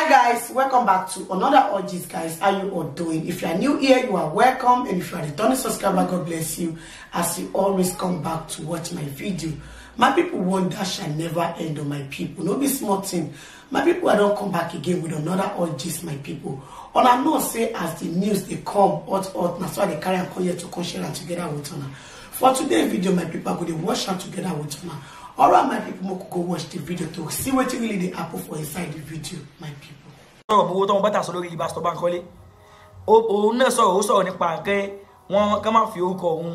hi guys welcome back to another orgies guys how you all doing if you are new here you are welcome and if you are returning subscriber god bless you as you always come back to watch my video my people wonder shall never end on oh, my people no be small thing my people i don't come back again with another orgies my people I know say as the news they come hot hot na so i carry and come here to come share am together with una for today's video my people i go dey watch am together with una all right my people go watch the video to see what you really dey happen for inside the video my people. Oh, sọ̀rọ̀ bó tọ́wọ́ bá tà sọ lórí Pastor Bankole òun náà sọ̀rọ̀ ó sọ̀rọ̀ nípa pé wọ́n ká má fi orúkọ òun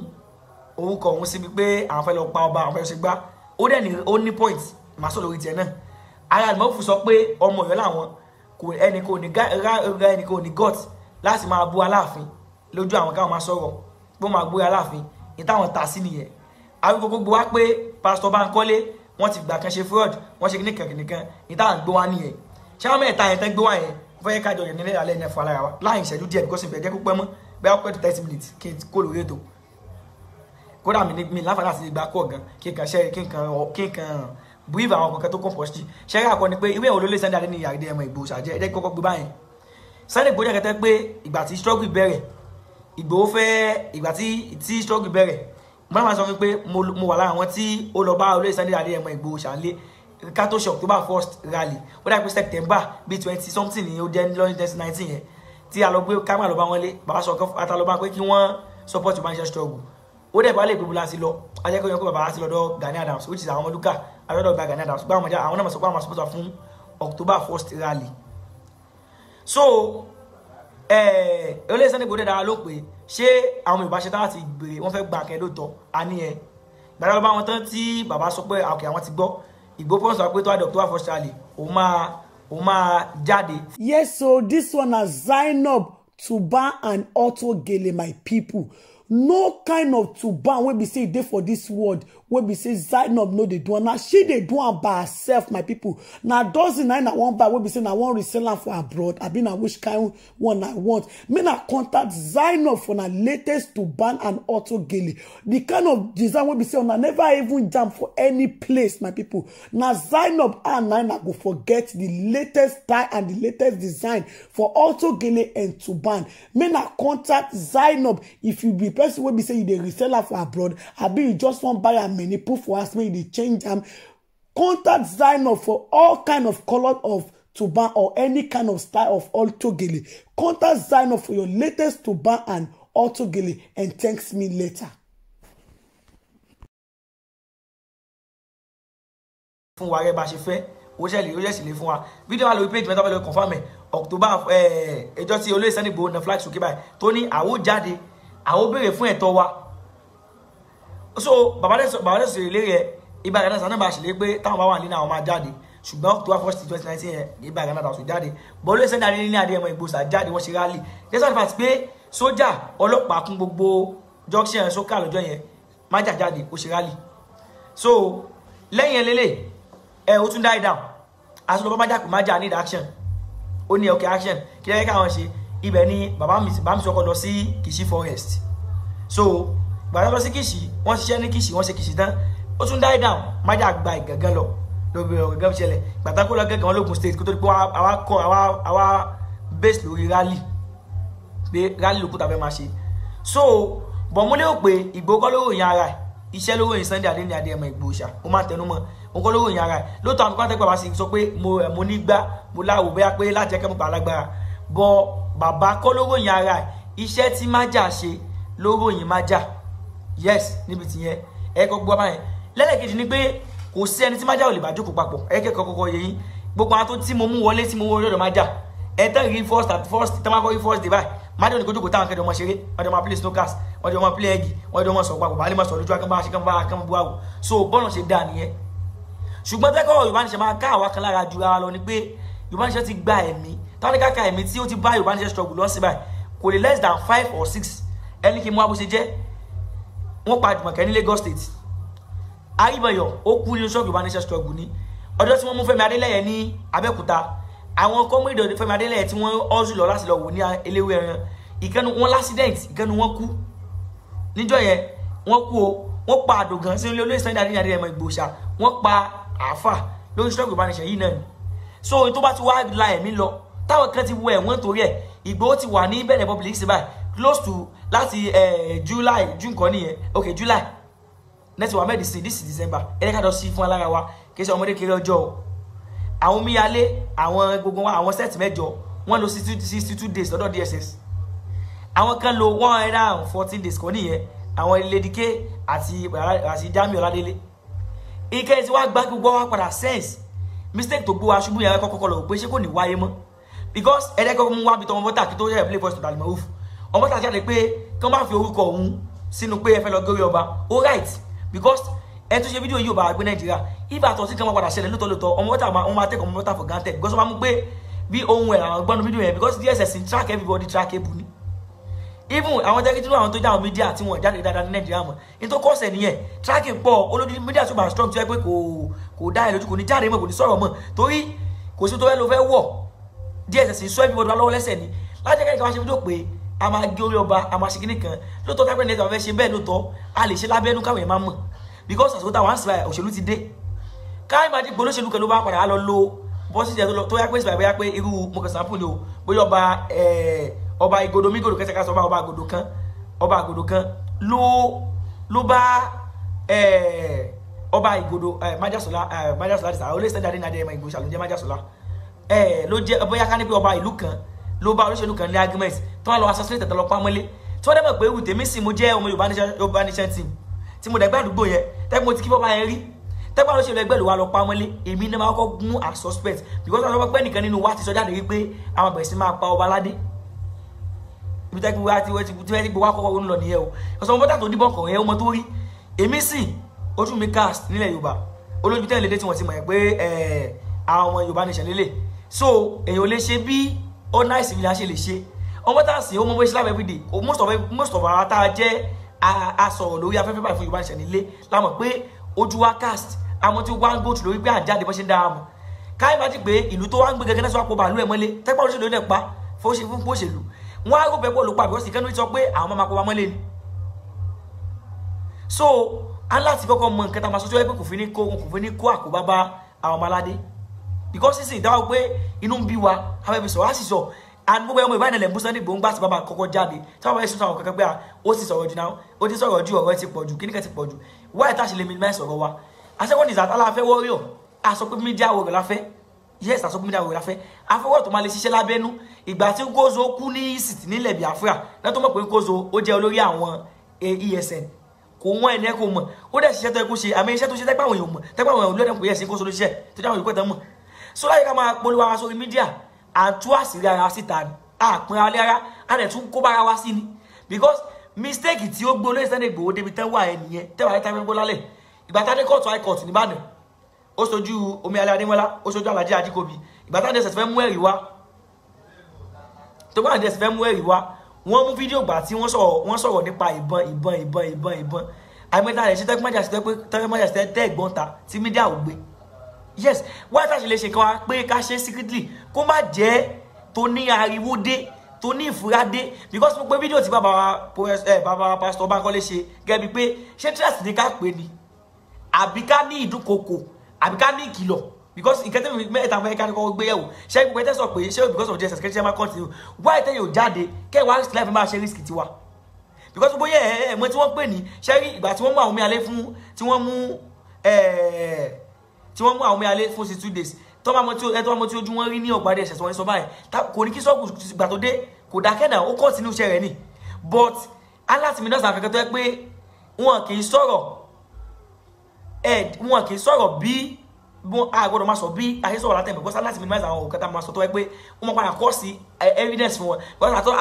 orúkọ òun síbi pé àwọn fẹ́ lọ pa ọba àwọn fẹ́ lọ ṣe gbá ó dẹ̀ ní ó ní point màá sọ̀rọ̀ lórí tiẹ̀ náà ara àdìmọ́ fún sọ pé ọmọ Ọ̀yọ́ làwọn kò ẹnì kò ní ra ẹnì kò ní gut láti máa bú Aláàfin lójú àwọn káwọn máa sọ̀rọ̀ pé ó máa bú Aláàfin ìtàwọn ta sí nìyẹn arúgbó gbogbo wa pé pásítọ̀ Bánkọ́lé wọ́n ti gbà kan ṣe fraud wọ́n ṣe nìkan nìkan ìta à ń gbé wa nìyẹn ṣé àwọn mẹ́ta yẹn tán gbé wa yẹn fẹ́ ká jọ yẹn nílẹ̀ alẹ́ yẹn fún alára wa láàyè ìṣẹ́jú díẹ̀ bíkọ́sì ìbẹ̀jẹ́ kó pẹ́ mọ́ bẹ́ẹ̀ pẹ́ tó thirty minutes kí n kó lórí ètò kódà mi ní mi láǹfààní àti ìgbà kọ̀ gan kí n kàn ṣe kí n kàn kí n kàn bíìfù àwọn kankan tó kàn pọ̀ sí ṣẹ́rí àkọ́ ni pé ìwé ìwò ló Sunday Adé ní ẹ̀mọ Ìgbòho ṣàjẹ́ ẹ̀jẹ̀ kọ́kọ́ gbé báyìí Sunday Ìgbòho jẹ́ pé ìgbà tí struggle bẹ̀rẹ̀ Ìgbòho fẹ́ ìgbà tí struggle bẹ̀rẹ̀ máa máa sọ wípé mo wà lára àwọn tí ó lọ bá olóyè Sunday Adéyẹmọ Ìgbòho ṣàlẹ kátó ṣe October first rally ó dàgbé September bíi twenty something ni ó jẹ́ lọ́yìn twenty nineteen yẹn tí a lọ gbé kámà lọ bá wọn lé bàbá Ṣọ̀kan Atalọba pé kí wọ́n support humanitarian struggle ó dẹ̀ bá lè gbogbo láti lọ ajẹ́kọ̀ọ́ yẹn kó bàbá láti lọ́dọ̀ Gani Adams which is àwọn ọmọlúkà àtọ́dọ̀ gba Gani Adams gbá àwọn náà sọ pé àwọn máa support wa fún October first rally so Eh, olóyè Sunday Igboho dára ló pé ṣé àwọn Yorùbá ṣe láti béèrè wọ́n fẹ́ gbà kẹ́ lóòótọ́ àní ẹ̀ gbàdá lọ́ba wọn tán tí bàbá sọ pé àkè àwọn ti gbọ́ Igboho promise wa tó àdọ̀ tó wà fọ́ṣálì òun máa òun máa jáde. yes so this one na Zainab Tuba and Auto Gele my people no kind of tuban wey be say e dey for dis world wey be say zainab no dey do am na she dey do am by herself my pipo na dozen I na one buy wey be say na one resell am for abroad i mean na which kind one i want make na contact zainab for na latest tuban and auto gele The kind of design wey be say una never even jam for any place my pipo na zainab and nina go forget the latest style and the latest design for auto gele and tuban make na contact zainab if you be person will be say you dey resell am for abroad I be just one buy am many put for house make you change them. contact zainab for all kind of color of tuba or any kind of style of altogele contact zainab for your latest tuba and altogele and thanks me later. fún wa rẹ bá ṣe fẹ́ ó ṣẹlẹ̀ ó ṣẹ̀ṣì lè fún wa fídíò wa lórí page mẹ́ta bá lọ confam ẹ̀ October ẹjọ́ tí olóyè Sunday Igboho na flag sókè báyìí tó ní àwòjáde àwọn béèrè fún ẹ̀tọ́ wa so bàbá lẹ́sọ̀ ilé rẹ̀ ibà gánà sàn náà bá ṣèlérí pé táwọn bá wà nínú àwọn máa jáde ṣùgbọ́n tó wá fọ́ṣítì twenty nineteen yẹn ibà gánà tàwọn sùn jáde bọ́ọ̀lù ẹ̀sẹ̀ náà nílé adé ẹ̀mọ ìgbòsà jáde wọ́n ṣe rálì lẹ́sọ̀ nípa ti pé sójà ọlọ́pàá kún gbogbo junction sókà lọ́jọ́ yẹn májà jáde ó ṣe rálì so lẹ́yìn ẹlẹ́lẹ́ ẹ ó tún die down àti lọ́pọ̀ májà pé májà need action ó ní okay action kí lẹ́yìn káwọn ṣe ibẹ̀ ni bàbá mi bàbá mi sọkọ lọ sí Kìṣí forest so gbàdá lọ sí Kìṣí wọ́n ṣiṣẹ́ ní Kìṣí wọ́n ṣe Kìṣí tán ó tún die down májà gba ìgàngán lọ lóbi ọ̀gá mi ṣẹlẹ̀ gbàtà kó lọ gẹ́gẹ́ wọn lógun state kó tó di pé àwa kọ àwa àwa base lórí rally pé rally ló kú tàbí máa ṣe so bọ̀múlé ò pé ìgbókọ́ ló ròyìn ara ẹ̀ iṣẹ́ ló ròyìn Sunday adé ní adé ẹ̀mọ ìgbòòṣà ó máa tẹnu mọ́ òkọ́ ló ròyìn ara ẹ̀ lóòótọ́ àwọn kọ́ńtẹ́pẹ́ bá sì sọ pé mo ní gbá mo láwò bóyá pé láti ẹ̀kẹ́ mo pàlágbára bọ́ bàbá kó ló ròyìn ara ẹ̀ iṣẹ́ tí májà ṣe ló májà yes níbi tìyẹn ẹ kọ́ gbọ́ báyẹn lẹ́lẹ́kejì ni pé kò sí ẹni tí májà ò lè bá jókòó papọ̀ ẹ kẹ́kọ̀ọ́ kọ́kọ́ yẹ yín gbogbo àwọn tó tí mo mú wọlé tí mo wọlé ọ̀dọ̀ májà ẹ tẹ́ rí first at first tẹ́ máa kọ́ rí first day báyìí májà ò ní kó jókòó táwọn kẹ́dọ̀ ọmọ ṣeré wọ́n jọ máa play snooker wọ́n jọ máa play egg wọ́n jọ máa sọ̀rọ̀ papọ̀ bàálẹ̀ máa sọ̀rọ̀ lójú akẹ́kọ̀ọ́ akẹ́kọ̀ọ́ akẹ́kọ̀ọ́ so bọ́ọ̀nà ṣe dáa nìyẹn ṣùgbọ́n tẹ́kọ̀ọ́ Yorùbá Nation máa ká àwa kan lára ju ara lọ ni pé Yorùbá táníkàkà èmi tí o ti ba yorùbá níṣẹ́ struggle lọ sí báyìí kò lè less than five or six ẹni kí n mú abúṣe jẹ́ wọ́n pa àdìmọ̀kẹ́ ní Lagos State ayébọyọ ó kú nínú ṣọ́ọ̀bù yorùbá níṣẹ́ struggle ní ọjọ́ tí wọ́n mú Fẹ́mi Adélẹ́yẹ ní Abẹ́òkúta àwọn kọ́mídọ̀ Fẹ́mi Adélẹ́yẹ tí wọ́n ọ́sùn lọ láti lọ wò ní eléwé ẹran ìkànnì wọn lásìdẹ̀ǹt ìkànnì wọn kú níjọ́ yẹn wọ́n kú o wọ́n pa àdògán sínú ilé olóyè Sunday Adéyẹmọ ẹmọ ìgbòsà wọ́n pa àáfà lórí ṣọ́ọ̀bù yorùbá níṣẹ́ yìí náà ni so tó bá ti wá la ẹ̀mí lọ táwọn kan ti wọ ẹ̀wọ̀n torí ẹ̀ Ìgbòho ti wà ní Benin Republic sí báyìí close to láti eh, July June kan nìyẹn ok July nẹ́tí wàá mẹ́rin sí this is December ẹ̀ẹ́dẹ́ka lọ sí fún alára wa kì í ṣe ọmọdé kiri ọjọ́ o àwọn omíyalé àwọn gbogbo wa àwọn sẹ́ẹ̀tì mẹ́jọ wọ́n lò sixty two days lọ́dọ̀ DSS àwọn kan lò one hundred and fourteen days kan nìyẹn àwọn Lédìké àti àti Jamiu Ọládélé ìkẹyìn tí wàá gbá gbogbo wa padà sense mistake tó gbó wa ṣubú yẹn kọ́kọ́ lọ pé ṣé kò ní wáyé mọ́ because ẹ̀rẹ́ kọ́kọ́ mú wá bí tọmọ bọ́tà kí tó yẹ play voice to dàlí mọ́ òfù ọmọ bọ́tà jáde pé kí wọ́n bá fi orúkọ òun sínú pé ẹ fẹ́ lọ gé orí ọba all right because ẹ tún ṣe fídíò yìí ò bá gbé nàìjíríà ibà àtọ̀ sí kan máa padà ṣẹlẹ̀ lóòótọ́ lóòótọ́ ọmọ bọ́tà wọn máa tẹ̀kọ̀ ọmọ bọ́tà for granted because wọ́n máa mú pé bí ohun ẹ̀ àwọn gbọ́nú fídíò yẹn because DSS ń track everybody track ebu ni even àwọn jẹ́ kí tún àwọn tó jẹ́ àwọn mídíà tí wọ́n jáde dáadáa ní nàìjíríà mọ̀ ní tó kọ́sẹ̀ nìyẹn tracking pọ̀ olódi mídíà tó bá strong tó yẹ pé kò kò dá ẹ̀ lójú kò ní jáde mọ̀ kò ní sọ̀rọ̀ mọ̀ torí kò sí tó fẹ́ lo fẹ́ wọ̀ DSS sọ ẹbí bọdọ lọ́wọ́ lẹ́sẹ̀ ni láti ẹkẹ nìkan wá ṣe fídíò pé a máa gé orí ọba a máa ṣe kíní kan lóòótọ́ tápẹ́ nìkan fẹ́ ṣe bẹ́ẹ̀ lóòótọ́ a lè ṣe lábẹ́nú káwọn èèyàn máa mọ̀ because àsìkò táwọn àǹsì báyà òṣèlú ti dé káyọ̀ máa di gbóná òṣèlú kan ló bá padà lọ lo bọ́sì jẹ́ tó yá pé ìsìnkú bóyá pé irú mọ̀kànsánpù ni o bóyá ọba ọba ìgodò mígodò kẹsẹkẹsẹ ọba ọba àgòdò kan ọba àgòdò kan ló ló bá ọba ìgodò májàsọlá májàsọlá ti sàrà ó lè sẹ́ńdà dé nàdé ẹ̀mọ ìgbòsà ló jẹ́ májàsọlá ẹ ló jẹ bóyá ká ní pé ọba ìlú kan ló bá olóṣèlú kan ní argument tí wọn lọ asọsílẹ tẹtẹ lọ pamọlé tí wọn dẹ mọ pé ewu tèmi sì mo jẹ ọmọ yorùbá nation team tí mo dẹgbẹ àdúgbò yẹn tẹgbẹ mo ti kí bọba yẹn rí tẹgbẹ olóṣèlú ẹgbẹ ìlú wa lọ pamọlé èmi ní máa kọ gún as suspect because àwọn ọgbẹ nìkan nínú wa ti sọ jáde wípé àwọn àbẹ̀rẹ̀ sí máa pa ọba aládé ibi tẹ́ gbogbo àti tí wọ́n ti gbogbo akọ́kọ́ ń lọ nìyẹn o ọ̀sán ọmọ bọ́tà tó díbọn kọ̀ọ̀yẹ́ ọmọ tó rí èmi sì ojú mi cast nílẹ̀ yorùbá olójú tẹ́lẹ̀ lédè tí wọ́n ti mọ̀ ẹ́ pé àwọn yorùbá nation lélẹ̀ so èèyàn lè ṣe bí ó náìsì nílá ṣe lè ṣe ọmọ tá a sìn ó mọ bó ṣe láwọn everyday most of most of ara tá a jẹ́ asọ̀rọ̀ lórí afẹ́fẹ́ báyìí fún Yorùbá Nation nílé la mọ̀ pé ojú wa cast àmọ́ tí wọ́n á ń gòtù lórí pé àjáde bọ́ ṣe ń dára mọ̀ káyọ̀ bá ti pé ìlú tó wá ń gbé gẹ́gẹ́ náà sọ àpò bàálù ẹ̀ mọ́lé tẹ́pá olóṣèlú ẹ̀ pa fún òṣèlú wọn á rò pé bọ́ọ̀lù pa because ìkànnì sọ pé àwọn máa ma kó wa mọ́lé ni so aláti kọ́kọ́ mọ nǹkan tá a máa sọ́jọ́ ẹ pé kò fi ní kó kò fi ní kó àkóbá bá àwọn ọmọ aládé because sísìn ìdáwọ́ pé inú ń bí wa afẹ́fẹ́ sọ̀rọ̀ á sì sọ and gbogbo ẹmọ ìbáyìí lẹ́mú sunday gbòǹgbà sí bàbá kọ́kọ́ jáde táwọn ẹ̀sùn táwọn kankan pé ó sì sọ̀rọ̀ jù náà ó ti sọ̀rọ̀ ju ọ̀rọ̀ ẹ ti pọ̀ jù kíníkẹ́ ti pọ̀ jù wá ìta ṣe lè minimize ọ̀rọ̀ wa àṣẹ́wọ́n ní ìsàtà láfẹ́ wọ́ríọ̀ àṣọ pé mídíà wọ̀rọ̀ láfẹ́ yes àṣọ pé mídíà wọ̀rọ̀ láfẹ́ afẹ́wọ́ tó máa lè ṣiṣẹ́ lábẹ́nú ìgbà tí Nkozo kú ní east nílẹ̀ Biafra lẹ́tọ́ mọ̀ pé Nkozo ó jẹ́ olórí àwọn ESN e kò wọ́n ẹni ẹ kò mọ̀ ó dẹ̀ ṣiṣẹ́ tó ẹkú ṣe àmì iṣẹ́ tó ṣe tẹ́gbà èèyàn mọ̀ tẹ́gbà èèyàn lọ́dẹ̀ kò yẹ sí Nkozo ló ṣiṣẹ́ tó jẹ́ àwọn olùkọ́ ìtàn mọ̀ so láyé ká máa polówó ara sórí mídíà à ń tú àṣírí ara síta ni à pín ara lé ara à lè tún kó bára wa sí ni because mistake tí ó gbé olóyè Sunday Igboho débi tán wà ẹ nìyẹn tẹ́wà ayéta gbẹ́ngbó lálẹ̀ ìgbà tá dé kóòtù high court nìbàdàn ó sojú Omíyalé Adémọ́lá ó sojú Alhaji Ajíkòbí ìgbà tá dẹ́sẹ̀ fẹ́ mú ẹ̀rí wá tó bá dẹ́sẹ̀ fẹ́ mú ẹ̀rí wá wọ́n mú fídíò gbà tí wọ́n sọ̀rọ̀ nípa ìbọn ìbọn ìbọn ìbọn ìbọn àìmọ́ta rẹ̀ ṣe tẹ́gbọ́n jà sí tẹ́gbọ́n jà sí tẹ́gbọ́n ta tí mídíà ò gbé yes wáyé tá a ṣe lè ṣe kan wa pé ká ṣe secretly kó má jẹ́ tó ní ariwo dé tó ní ìfura dé because mo pé fídíò tí bàbá wa ẹ eh, bàbá wa pastor Bankole ṣe gẹ́bí pé ṣé tíráàsì ni ká pè ní àbí ká ní ìdúnkokò àbí ká ní ìkìlọ̀ because nǹkan tẹ́lẹ̀ mẹ́ta fún ẹ̀ka ni kò gbé yẹ̀wò ṣé gbogbo ẹ̀ tẹ́sán pé ṣé because of Jesus kẹ́tí ṣe máa continue why tẹ́lẹ̀ yóò jáde kẹ́wàá life máa ṣe risk tiwa because gbogbo yẹ̀ ẹ̀ ẹ̀ mọ́ tí wọ́n pè ní ṣẹ́rí ìgbà tí wọ́n mú àwọn mi alẹ́ fún tí wọ́n mú ẹ̀ẹ́ eh, tí wọ́n mú àwọn ọmọ alẹ́ fún sí two days tọ́ba mọ tí ẹtọ́ mọ tí ojú wọn rí ní ọ̀gbádẹ ẹ̀sẹ̀ tí wọ́n sọ báyìí kò ní kí sọ́ọ̀kù gbà tó dé kò dákẹ́ náà ó kọ́ sínú iṣẹ́ rẹ̀ ni but alátìmínà sàfikẹ́ tó yẹ pé wọn kì í sọ̀rọ̀ ẹ wọn kì í sọ̀rọ̀ bí wọn a gbọ́dọ̀ máa sọ bí ayé sọ̀rọ̀ látẹ̀ because alátìmínà àwọn òkè tá a máa sọ tó yẹ pé wọ́n máa padà kọ́ sí evidence fún wọn because àtọ́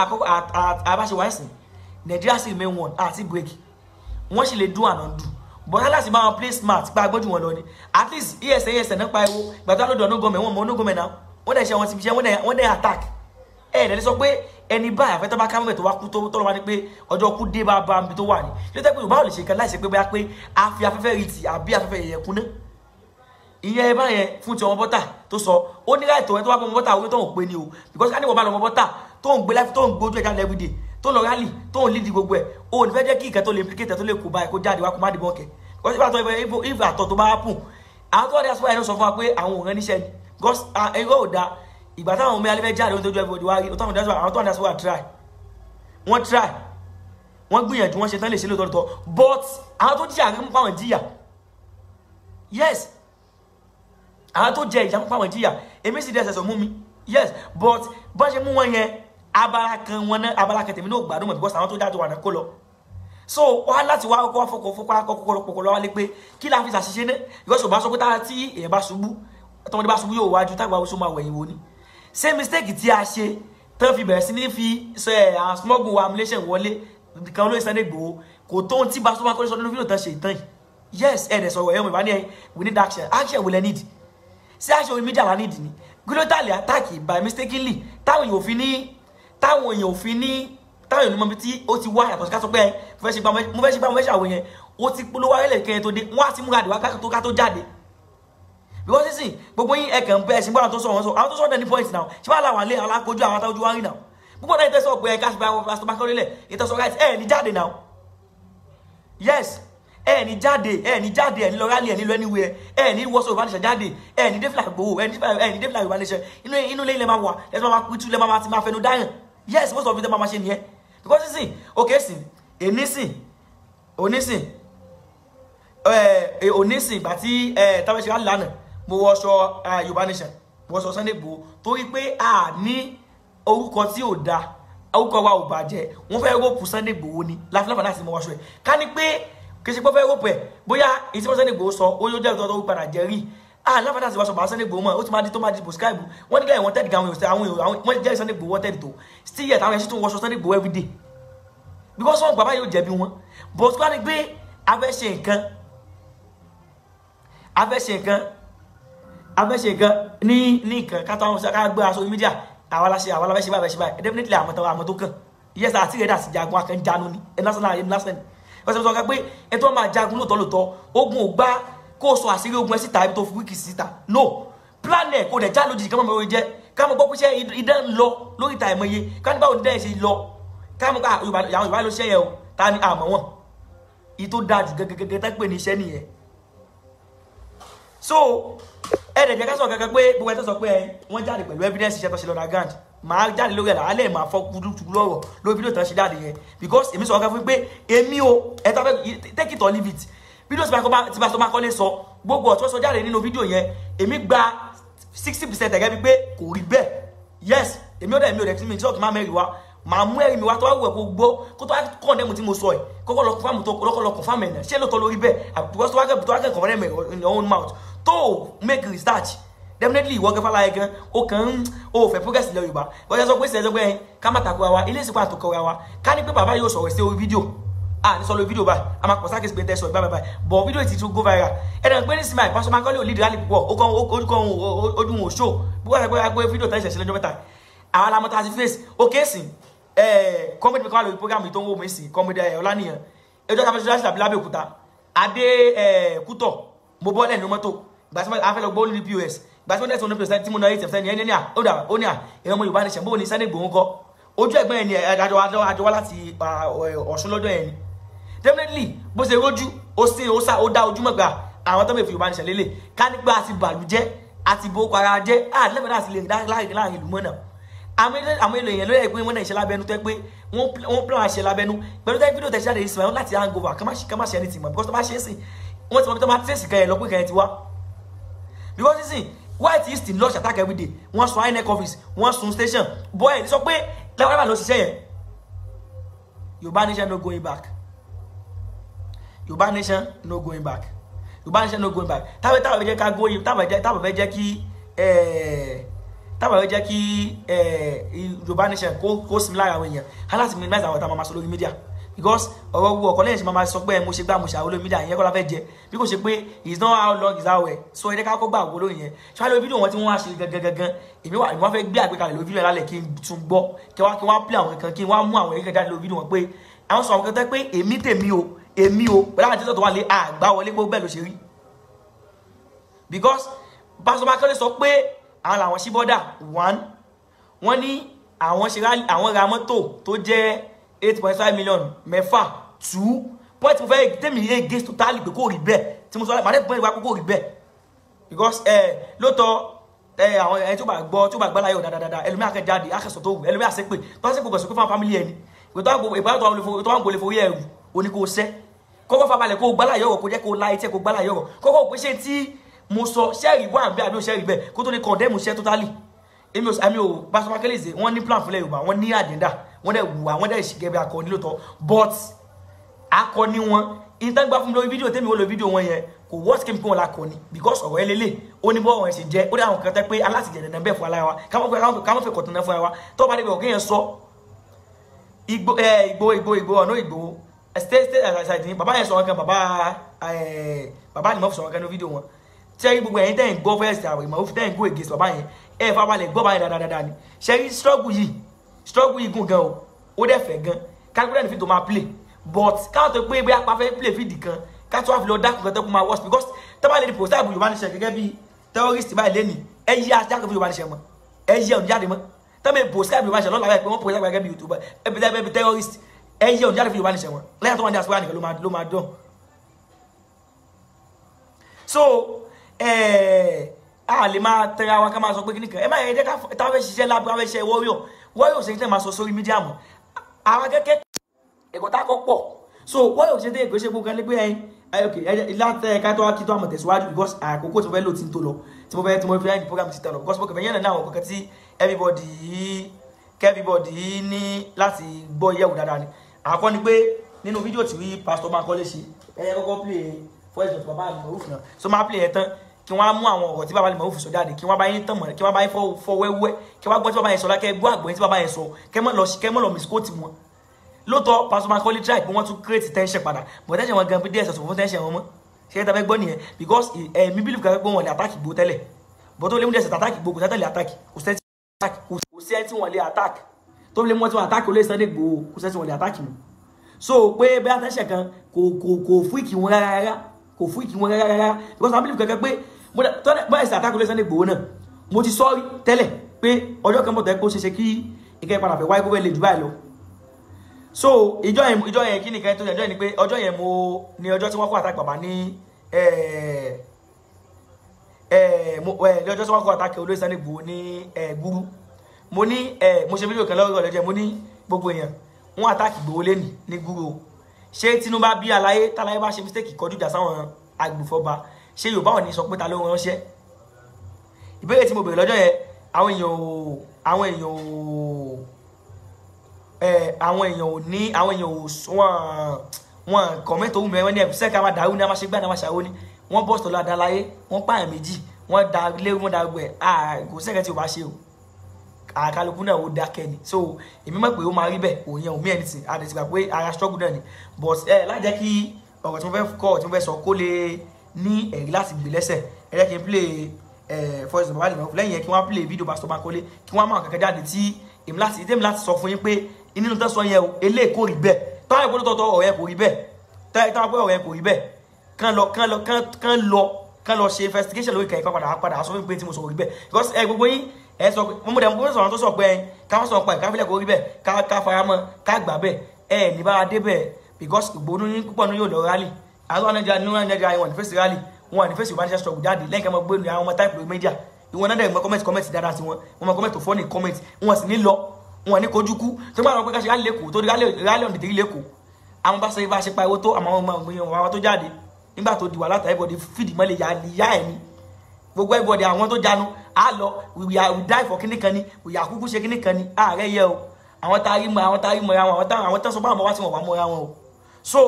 àbáṣe wáyé sìn Nàìjíríà sì remain one àti break wọ́n sì lè do and undo bọ̀dá láti máa play smart gba agbójú wọn lọ ni at least esn esn náà pariwo gbàtà lọ́dọ̀ onógọmẹ̀ wọn mọ onógọmẹ̀ náà wọ́n dẹ̀ ṣe àwọn tìbíṣẹ́ wọ́n dẹ̀ attack ẹ̀ ẹ̀ sọ pé ẹni báyìí àfẹ́tọ́ bá kámẹ́mẹ́ tó wá kú tó tọ́lọ́ wá ní pé ọjọ́ kú dé bá bá mi tó wà ní ló tẹ́ pé yorùbá ò lè ṣe nǹkan láìsí pé bóyá pé a fi afẹ́fẹ́ rì tì àbí afẹ́fẹ́ yẹ̀yẹ̀ kú ná ìyẹn ẹ bá yẹn fún ti ọmọ bọ́tà tó sọ ó ní láì tọ̀ ẹ tó wá bọ́ ọmọ bọ́tà orí tó ń pè ní o because ká ní wọ́n bá lọ ọmọ bọ́tà tó ń gbé láfi tó ń gbójú ẹ̀dá lẹ́bùdè tó lọ rally tó ò lídìí gbogbo ẹ̀ o ò ní fẹ́ jẹ́ kí ìkẹ́ tó lè implicate tó lè kó báyìí kó jáde wá kó má dìbò ọ̀kẹ́ kọ́sí bá tọ́ ibò if àtọ̀ tó bá wá pùn àwọn tó wà ní asọ́wọ́ ẹ̀rọ sọ fún wa pé àwọn òun rán níṣẹ́ ni ẹ̀rọ ah, ò da ìgbà táwọn ọmọ alẹ́ fẹ́ jáde oúnjẹ ojú ẹ̀fọ́ ìdíwá rí àwọn tó wà ní asọ́wọ́ try wọ́n try wọ́n gbìyànjú wọ́n ṣe tán lè ṣe lóòótọ́ lóòótọ́ but àwọn tó jìyà ń pàwọn jìyà yes àwọn tó jẹ ìjà ń pàwọn jìyà èmi sì dẹ́ ẹsẹ̀ sọ mú mi yes but bá ṣe mú wọn yẹn abala kan wọn náà abala kan tèmi náà gbádùn mọ̀ because àwọn tó dájú wà náà kó lọ so wá láti wá kọ́kọ́ fọkọ̀ fọkọ̀ kọ́kọ́ kọ́kọ́ lọ́wọ́ lé pé kí la fi ṣàṣìṣe náà because òbá sọ tára tí èèyàn bá ṣubú tọmọdé bá ṣubú yóò wájú tágbà oṣù máa wẹ̀yìn wò ni ṣé mistake tí a ṣe tán fi bẹ̀rẹ̀ sí ní fi sọ ẹ̀ àwọn smuggle amulation wọlé kan ló ń gbòó kò tó ohun tí bá sọ máa kọ́ nínú fídíò táwọn èèyàn ò fi ní táwọn èèyàn mọbi tí ó ti wá yàtọ̀ ká sọ pé mo fẹ́ ṣe gbá mo fẹ́ ṣe gbá mo fẹ́ ṣe àwọn yẹn ó ti polówó ayẹlẹ̀ kẹyẹ tó dé wọ́n á ti múra àdìwá káàkiri tó ká tó jáde because sísìn gbogbo yín ẹ̀kẹ́ ń bẹ́ ẹ̀sìn gbọ́dọ̀ tó sọ wọn sọ àwọn tó sọ dẹni point now ṣé wàá làwọn alẹ́ alákojú àwọn atájú wárí now púpọ̀ náà ìtẹ́sọ̀ pé ẹ̀ka ṣùgbọ́n àwọn pásítọ̀ jáde now yes ẹ̀ ní jáde ẹ̀ ní jáde ẹ̀ ní lọ rálì ẹ̀ ní lọ anywhere ẹ̀ ní wọ́sọ̀ ìbánisẹ̀ jáde ẹ̀ ní dé fìlà gbowó ẹ̀ ní dé fìlà ìbánisẹ̀ inú ilé ilẹ̀ máa wà lẹ́sọ̀ máa kú yes most of them are machine here. because see, okay see, ènísìn onísìn onísìn eh, ìgbà tí eh, táwọn ìṣẹ̀lẹ̀ lánàá mo wọ ọṣọ eh, Yorùbá nation mo wọ ọṣọ Sunday Igboho torí pé a ní orúkọ tí ò dáa orúkọ wa ò bàjẹ́ wọ́n fẹ́ rọ́pù Sunday Igboho ni láfíláfà láti mọ ọṣọ ẹ̀ ká ní pé kì í ṣe pé fẹ́ rọ́pù ẹ̀ bóyá ìṣẹ́ Sunday Igboho sọ ó yóò jẹ́ ìtọ́jú padà jẹ́ aláfàdà ah, sì wá sọ bá Sunday Igboho mọ́ ó ti máa di tó máa di prescribe wọ́n ní gáyẹ̀ wọ́n tẹ́ẹ̀dì gan àwọn èèyàn wọ́n jẹ́ Sunday Igboho tẹ́ẹ̀dì tó still yet àwọn èèyàn sì tún wọṣọ Sunday Igboho everyday because wọn bàbá yóò jẹ̀bi wọn but wọ́n á ní gbé afẹ́ṣe nǹkan afẹ́ṣe nǹkan afẹ́ṣe nǹkan ní ní nǹkan kátó àwọn ọ̀sán ká gbé aṣọ media àwa la ṣe àwa la fẹ́ ṣe báyìí ṣe báyìí definitely àmọ́ tán àmọ́ tó kàn yes àti rẹ̀ dà sí jagun akẹ́ńjánu ni ẹ̀ lásán náà ẹ̀ lásán ni wọ́n sọ pé ẹ̀ tó máa jagun lóòótọ́ lóòótọ́ ogun ò gbá kó sọ àṣírí ogun ẹ síta ibi tó fi wíìkì síta no planẹ̀ kò dẹ̀ já lójijì ká mọ̀ mọ̀ jẹ́ ká mọ̀ gbọ́ pé iṣẹ́ idán ń lọ lórí ìta ìmọye ká ní báwo dídá ẹ̀ ṣe lọ ká mọ̀ ah, àwọn Yorùbá ló ṣẹ́yẹ o ta ni àmọ́ wọn èyí tó dáa jù gẹ́gẹ́gẹ́ tá pè ní iṣẹ́ nìyẹn so ẹ dẹ̀ jẹ́ ká sọ kankan pé gbogbo ẹ tó sọ pé ẹ wọ́n jáde pẹ̀lú evidence iṣẹ́ tó ṣe lọ́dà grand màá jáde lórí ẹ̀dá alẹ́ màá fọ́ kúdùkúdù lọ́rọ̀ lórí fídíò tó ṣe jáde yẹn because èmi sọ kankan fún pé èmi o ẹ tó fẹ́ take it or leave it Video fídíò tí pásítọ̀ Mákọ́lé sọ gbogbo ọ̀tún sọ jáde nínú video, yẹn Emi gba sixty percent ẹ̀gẹ́ wípé kò rí bẹ́ẹ̀ yes èmi ò dẹ̀ èmi ò dẹ̀ tí mi tí ọ̀kì máa mẹ́rin wa màá mú ẹ̀rí mi wá tó wá to ẹ̀ kó gbó kó tó wá kọ́ ọ̀dẹ́mu tí mo sọ ẹ̀ kókó lọ fáàmù tó kókó lọ kọ̀ to ẹ̀nà ṣé lóòótọ́ lórí bẹ́ẹ̀ àbúkọ́ tó to kẹ́ tó wá kẹ́ confirm in your own mouth tó make research definitely ìwọ gẹ́fà láyé gan ó kàn ń ó fẹ́ progress ilẹ̀ Yorùbá wọ́n yẹ sọ pé ìṣẹ̀lẹ̀ sọ pé ká má takora wa ilé ìsìnkú àtòkọ́ra wa ká ní pé bàbá yóò sọ̀rọ̀ sí orí fídíò à ah, ní sọlọ fídíò báyìí a máa pọ̀ sákèsí pé ń tẹ̀sọ̀ báyìí báyìí bọ̀ fídíò ti tún go viral ẹ̀rọ gbé ní sinmi àìpásọ máa ń kọ́lé òlídìí rálì púpọ̀ ó kàn ó dùn òṣò púpọ̀ àti pé fídíò tẹ̀sẹ̀ sílẹ̀ ọjọ́ mẹ́ta àwọn alamọ́ta ti fèsì ó kéèsì kọ́mẹ́dì kan lórí programme tó ń wò mẹ́sì kọ́mẹ́dì ọ̀lànìyàn ẹjọ́ tàbí ṣáṣì tàbí lábẹ́òkúta adé kútọ̀ mo bọ́ lẹ́nu mọ́tò gbàsímọ́ afẹ́ lọ gbọ́ lórí pos gbàsímọ́ tẹ̀sán ní pos tí mo náà yé tẹ̀sán ní ẹni ní à ó dà ó ní à èèyàn ọmọ Yorùbá nation bó ní Sunday Igboho kọ́ ojú ẹ̀gbọ́n ẹ̀ ní àjọ wa láti Ọ̀ṣun lọ́dọ̀ ẹ̀ ni definitely bó ṣe rójú ó ṣe ó sá ó dá ojúmọ̀ gbà àwọn tó ń fi Yorùbá nìṣẹ̀ lélẹ̀ ká nígbà àti bàlújẹ́ àti boko ara jẹ́ àdìlẹ́mẹ̀dá àti lè láàrin láàrin ìlú mọ́nà àwọn èlò èèyàn ló yẹ pé wọ́n náà ṣe lábẹ́nu tó yẹ pé wọ́n plan ṣe lábẹ́nu pẹ̀lú tẹ́ fídíò tẹ̀síjáde yìí sìnmọ́ láti hangover ká má ṣe ẹni tì mọ́ because tó bá ṣe é sìn wọ́n ti mọ̀ pé tó bá fèsì kan yẹn lọ pé kan yẹn ti wá because sísìn white east ń lọ́ọ̀ṣì attack everyday wọ́n sun inec office wọ́n sun station boy sọ pé lẹ́wọ́n ló ṣiṣẹ́ yẹn Yorùbá nation no going back yorùbá nation no going back yorùbá nation no going back táwọn táwọn fẹ́ jẹ́ ká go táwọn fẹ́ jẹ́ kí eh, táwọn fẹ́ jẹ́ kí eh, yorùbá nation kó kó sinmi lára àwọn èèyàn aláàtì mi láìsí àwọn táwọn máa sọ lórí mídíà because ọ̀rọ̀ wu ọ̀kan lẹ́yìn tí màmá sọ pé mo ṣe gbà mo ṣe àwọn olórí mídíà yẹn kọ́ la fẹ́ jẹ bí kò ṣe pé it's not how long is our so ẹ jẹ́ ká kó gbà wọ́n lórí yẹn ṣáà lórí fídíò wọn tí wọ́n wá ṣe gangan èmi wà èmi wọ́n fẹ́ gbé àgbékalẹ̀ lórí fídíò lálẹ́ kí n tún gbọ́ kí wọ́n á play àwọn kan kí wọ́n á mú àwọn eré kan jáde lórí fídíò wọn pé àwọn sọ àwọn kan tẹ́ pé èmi tèmi o èmi o pẹ̀lú àwọn tẹ́sán tó wà lé àgbà wọlé gbogbo ẹ̀ ló ṣe rí because pásítọ̀ mákẹ́lẹ́ sọ pé àwọn làwọn ṣí bọ́dà one wọ́n ní àwọn ṣe àwọn ra mọ́tò tó jẹ́ eight point five million mẹ́fà two point mo fẹ́ tẹ̀mí ege totally pé kò rí bẹ́ẹ̀ tí mo sọ láti pàdé pọ́ńtì wa kò rí bẹ́ẹ̀ because lóòótọ́ àwọn ẹni tó bá gbọ́ tó bá gbọ́ láyọ̀ dáadáa ẹlòmíà kẹ́ jáde akẹ́sọ̀ tó wù ẹlòmíà sẹ́pẹ̀ tó bá sẹ́pẹ̀ gbọ̀sọ̀ pé fún family ẹni ìgbà tó wà ń gbòlè forí ẹ̀rù o ní kó sẹ́ kọ́kọ́ fàbalẹ̀ kó gbálà yọ̀rọ̀ kó jẹ́ kó la etí ẹ̀ kó gbálà yọ̀rọ̀ kọ́kọ́ pé ṣé tí mo sọ sẹ́ẹ̀rì wà bẹ́ẹ̀ àbí òṣẹ́rì bẹ́ẹ̀ kó tó lè condemn iṣẹ́ totally èmi ò àmì ò pásọ mákélèzè wọ́n ní plan fúnlẹ̀ yorùbá wọ́n ní àdéńdà wọ́n dẹ̀ wùwà wọ́n dẹ̀ ìṣìgẹ̀bẹ̀ akọni lóòótọ́ but akọni wọn ìtàgbà fún mi lórí fídíò tèmi wọ́n lo fídíò wọn yẹn kò wọ́ọ̀tì kí n pín wọn lakọni because ọ̀rọ̀ ẹ lélẹ̀ ó ní bọ́ ọ̀rọ̀ ẹ sì jẹ́ ó dẹ̀ àwọn kan tẹ́ pé alátìjẹ̀ dandan bẹ́ẹ̀ fún ara wa káwọn fẹ́ kọ̀tàn náà fún ara wa tọ́ bá dé bẹ̀ ọ̀gẹ́yẹn sọ ìgbò ìgbò ìgbò ọ̀nà ìgbò state state asajini eh, eh, bàbá yẹn sọ̀rọ̀ kan bàbá eh, Baba, ni mo fi sọ̀rọ̀ kan ní fídíò wọn sẹ́yìn gbogbo ẹ̀yin tẹ́ ń gbọ́ fẹ́ẹ́sì àwẹ̀ ìmọ̀ òfin tẹ́ ń gbọ́ ègè bàbá yẹn ẹ̀ fábalẹ̀ gbọ́ báyìí dáadáa ni sẹ́yìn struggle yìí struggle yìí gùn gan o ó dẹ̀ fẹ̀ gan calculate fi tó máa play but káwọn tó pé bóyá pa play fídì kan ká tó wá fi lọ dákun kan tó kó máa worse because tọ́ba lè di post àbúrò yorùbá níṣẹ́ gẹ́gẹ́ bí terrorist báyìí lẹ́nu ẹ yí ajá kan fún yorùbá níṣẹ́ mọ́ ẹ yí ọ̀nà jáde mọ́ tọ́ba lè post àbúrò yorùbá níṣẹ́ lọ́la báyìí pé wọ́n post àbúrò gẹ́gẹ́ bí youtuber ẹ bí terrorist ẹ yẹ òjáde fi yorùbá nìṣẹ wọn lẹ́yìn tó wọn di àsìkò ànìkan ló máa dán so a lè máa tẹra wa ká máa sọ pé kíní kan ẹ má yẹ jẹ́ ká fẹ́ ṣiṣẹ́ lábú ká fẹ́ ṣe wọ́ríọ̀ wọ́ríọ̀ ṣe tẹ́ máa sọ sórí mídíà mọ́ ara kẹ́kẹ́ tá a kọ́ pọ̀ so wọ́ríọ̀ ṣe tẹ́ ẹ̀kọ́ ṣe gbogbo ẹni pé ẹyin ok láti ẹ̀ka tó wá kí tó àmọ̀ tẹ̀síwájú because àkókò tí mo fẹ́ lò ti ń tó lọ tí mo fẹ́ tí mo fẹ́ ní program ti tẹ̀ lọ because mo kẹfẹ́ yẹn náà àwọn kankan tí everybody everybody ní láti gbọ́ yẹ̀wò dáadáa ni àkọ́ ni pé nínú fídíò tí pásítọ̀ Bankole ṣe ẹ̀yẹ kọ́kọ́ play voice note bàbá Almaroof náà so máa play ẹ̀ tán kí wọ́n á mú àwọn ọ̀rọ̀ tí bàbá Almaroof sọ jáde kí wọ́n bá yín tàn mọ́ kí wọ́n bá yín fọ wẹ́wẹ́ kí wọ́n gbọ́ tí bàbá yẹn sọ lákẹ́ gbọ́ àgbọ̀ yín tí bàbá yẹn sọ kẹ́ mọ́ lọ misquote wọn lóòótọ́ pásítọ̀ Bankole try pé wọ́n tún create tension padà but tension wọn gan bí díẹ̀ sọ̀tún fún tension wọn mọ́ ṣe é tàbí gbọ́ nìyẹn because ẹ̀mí eh, believe kan pé wọ́n lè attack Igboho tẹ́lẹ̀ but ó lé mú díẹ̀ sọ̀tún attack Igboho kò sẹ́tẹ̀lẹ̀ attack kò sẹ́tẹ̀lẹ̀ attack kò sẹ́tẹ̀lẹ̀ attack tó fi lè mọ́ tí wọ́n àtàkì olóyè Sunday Igboho kò sẹ́sìn wọ́n lè àtàkì mọ́ so pé bẹ́ẹ̀ àtẹ́sẹ̀ kan kò kò kò fún ìkì wọn rárá kò fún ìkì wọn rárá because I believe kankan pé báyìí sí àtàkì olóyè Sunday Igboho náà mo ti sọ tẹ́lẹ̀ pé ọjọ́ kan bọ̀tọ̀ kó ṣeṣe kí ìkẹ́ padà fẹ́ wáyé kó fẹ́ lè jù lọ so ìjọ yẹn ìjọ yẹn kí ni kan tó yẹ ọjọ́ yẹn ni pé ọjọ́ yẹn mo ni ọjọ́ tí wọ́n kó àtàkì bàbá ní ẹ̀ẹ́ ọjọ́ tí wọ́n kó àtàkì olóyè Sunday Igboho ní gbúrú mo ní ẹ mo ṣe fídíò kan lọ́wọ́ ìrọ̀lẹ́jẹ́ mo ní gbogbo èèyàn wọ́n àtàkì gbowó lẹ́nì ní gúrò ṣé tinubu bí aláyé táláyé bá ṣe mistake kọjú ìjà sáwọn agbèfọba ṣé yorùbá ò ní sọ pé ta ló ránṣẹ́ ìbéèrè tí mo béèrè lọ́jọ́ yẹn àwọn èèyàn ò àwọn èèyàn ò ẹ àwọn èèyàn ò ní àwọn èèyàn ò wọn wọn kọ̀mẹ́tò òun mẹ́rin ní ẹ̀bùsẹ́ ká máa dàrú ní a gbá ní a máa ni wọ́n bọ́ sọ̀tọ̀ ládàá láyé wọ́n pààyàn méjì wọ́n da lé wọ́n da gbẹ̀ kò sẹ́kẹ̀ tí o bá ṣe o àkàlùkù náà ó dákẹ́ ni so èmi mọ̀ pé ó máa rí bẹ́ẹ̀ òyìn omi ẹni sìn àdètí gbà pé ara struggle náà ni but ẹ lájẹ́ kí ọ̀rọ̀ tí mo fẹ́ kọ́ tí mo fẹ́ sọ kó lè ní ẹ̀rí láti gbé lẹ́sẹ̀ ẹ jẹ́ kí n play ẹ voice of bàbá ìgbà lẹ́yìn yẹn kí wọ́n play video pastor Bankole kí wọ́n máa kankan jáde tí èmi láti èmi láti sọ fún yín pé inú tó sọ yẹn o eléyìí kò rí bẹ́ẹ̀ táwọn ìpolówó tọ́tọ́ ọ̀rọ̀ yẹn kò rí bẹ́ẹ̀ táwọn ìpolówó ọ̀rọ̀ yẹn kò rí bẹ́ẹ̀ kán lọ kán lọ kán lọ kán lọ ṣe investigation lórí kẹ̀kẹ́ gbogbo yín ẹ sọ pé mo dẹ̀ mo sọ̀rọ̀ tó sọ pé ẹ ká sọ pa ìkáfílẹ̀ kó rí bẹ́ẹ̀ ká ká faramọ́ ká gbà bẹ́ẹ̀ ẹ ní bá a dé bẹ́ẹ̀ because ìgbónú ní púpọ̀ ní yóò lọ rálì àwọn ọ̀nàjà ní wọn nàìjíríà wọn nífẹ̀ẹ́ sí rálì wọn nífẹ̀ẹ́ sí ìbánisẹ̀ sọ̀rọ̀ jáde lẹ́yìn kẹ́mọ́ gbé àwọn ọmọ táìpù mídíà ìwọ náà dẹ̀ mọ́ kọ́mẹ́tì kọ́mẹ́tì dáadáa sí wọn wọn mọ́ kọ́mẹ́tì tó fọ́ ní kọ́mẹ́tì wọn sì ní lọ wọn ní kojú kú tó bá wọn pé káṣí rálì lẹ́kọ̀ọ́ tó rálì ọ̀nà ìdírí lẹ́kọ̀ọ́ àwọn bá sọ ibà ṣe pariwo tó àwọn ọmọ ọmọ tó jáde nígbà tó di wàhálà tàbí bọ̀dì fìdí mọ́lẹ̀ yá ẹ̀ ni gbogbo everybody àwọn tó jánu á lọ we are we die for kíní kan ni we are kúkú ṣe kíní kan ni ààrẹ yẹ o àwọn tá a rí mọ àwọn tá a rí mọra wọn àwọn tá àwọn tán sọ báwọn wá sí wọn wà mọra wọn o so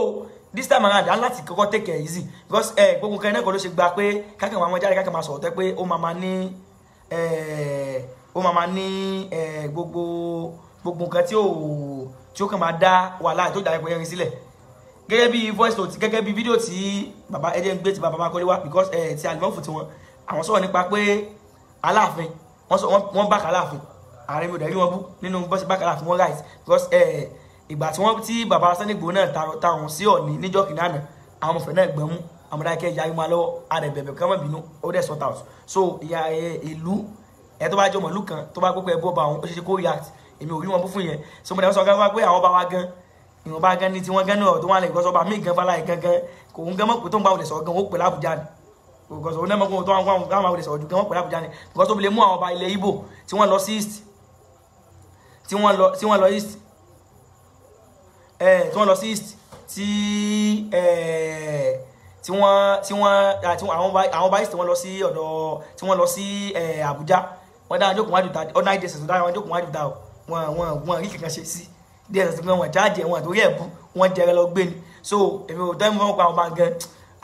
this time around á láti kọ́kọ́ take it easy because ẹ eh, gbogbo nǹkan ẹnẹkọ ló ṣe gba pé kákan àwọn ọmọdé kákan máa sọ̀rọ̀ tẹ pé ó máa máa ní eh, ó máa máa ní eh, gbogbo gbogbo nǹkan tí ó tí ó kàn máa dá wàhálà tó dàbí ẹrin sílẹ̀ gẹ́gẹ́ bí voice note gẹ́gẹ́ bí fídíò tí bàbá ẹ jẹ́ ń gbé ti bàbá máa kọ́lé wá because ti àlùmọ́ọ̀fù tiwọn àwọn sọ̀rọ̀ nípa pé aláàfin wọ́n bá kàláàfin ààrẹ mi ò dẹ̀rí wọn bú nínú bọ́sẹ̀ bá kàláàfin wọn right because eh, ìgbà tí wọ́n tí bàbá Sunday Igboho náà tarun sí Ọ̀ọ̀ni níjọ́ kìnnàna àwọn ọmọfẹ́ náà gbẹ̀mú amúdákẹ́ ya ìmọ̀ alọ́wọ́ ààrẹ bẹ̀bẹ̀ kí wọ́n bínú ó dẹ̀ sort out so ìyá ìlú ẹ tó bá jọmọ̀ ìlú kan tó bá gbé pẹ́ bọ́ bá àwọn òṣìṣẹ́ kó react èmi ò rí wọn bú fún yẹn so mo dẹ̀ sọ gán wá pé àwọn bá wa gan ìwọ̀nba gan ni tiwọn gan náà tó wà lẹ́yìn gbọ́sọ̀ bá mí gan fáláì gan gan kò ń gan mọ́ pé tó ń bá wọlé sọ gan ó pè lábùjá ni because òun náà mọ̀ pé òun tó wọn wọn wọn àwòrán ìṣọ̀jú gan wọn pẹ̀lú àbújá ni because ó fi lè mú àwọn ọba ilẹ̀ Ìgbò tí wọ́n lọ sí east tí wọ́n lọ tí wọ́n lọ east tí wọ́n lọ sí east tí tí wọ́n tí wọ́n àwọn ọba east tí wọ́n lọ sí ọ̀dọ̀ tí wọ́n lọ sí àbújá wọ́n dáhùn jókòó wájú ta ọ̀nà ìdẹ̀sẹ̀ tó dáhùn jókòó wájú ta wọn wọn wọn rí kankan ṣe sí díẹ̀ sọ̀tún pé wọn jáde wọn àtòrí ẹ̀bú wọn jẹrẹ lọ gbé ni so èmi ò tẹ́ mi fọ́n pa àwọn ọba gan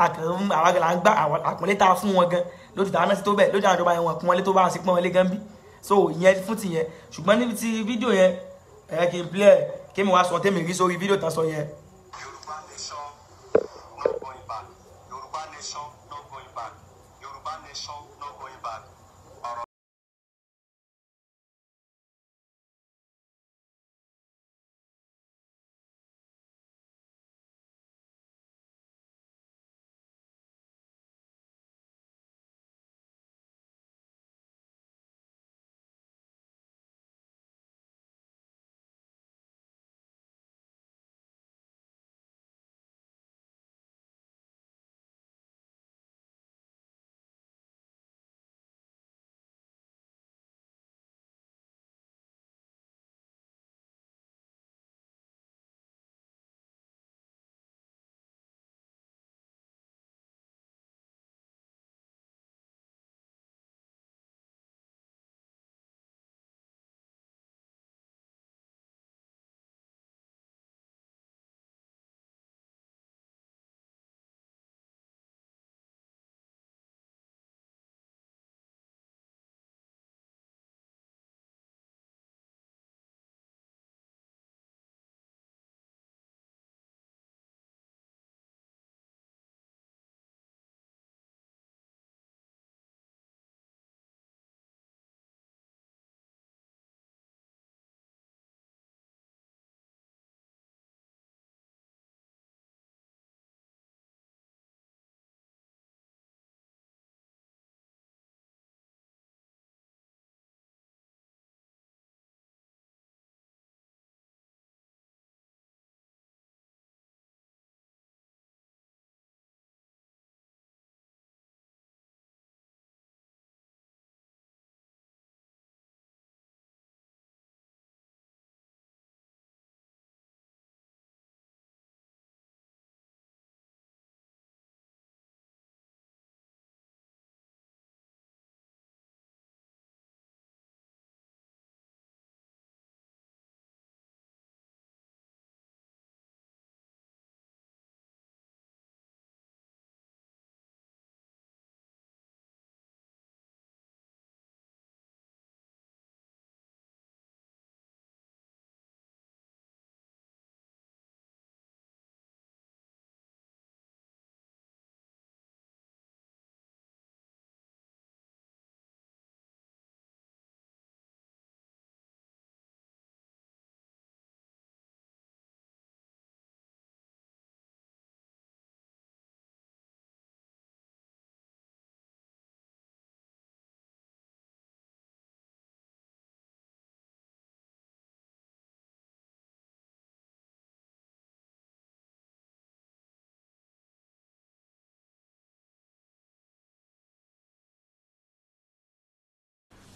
àkàn àwọn àgbà ń àpọ́nlé tá a fún wọn gan lójú tàwọn náà tó bẹ́ẹ̀ lójú àwọn ìjọba yẹn wọn pọ́n wọlé tó bá wọn sí pọ́n wọlé gan bí so ìyẹn fún ti yẹn ṣùgbọ́n níbi tí fídíò yẹn ẹ̀yẹ kì í plẹ̀ kí mi wá sọ tẹ́mi rí sórí fídíò tán sọ yẹn. Yorùbá nation no going back Yorùbá nation no going back Yorùbá nation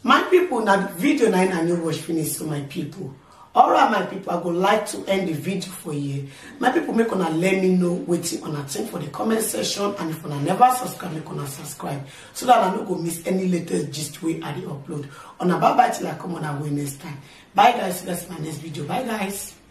my people, now di video now i know was finished. so my people, alright my people, i would like to end the video for you. my people, make una let me know on a thing for the comment section and if una never subscribe make una subscribe so that i no go miss any latest gist wey i dey upload una bye bye till i come on a way next time bye guys see you my next video bye guys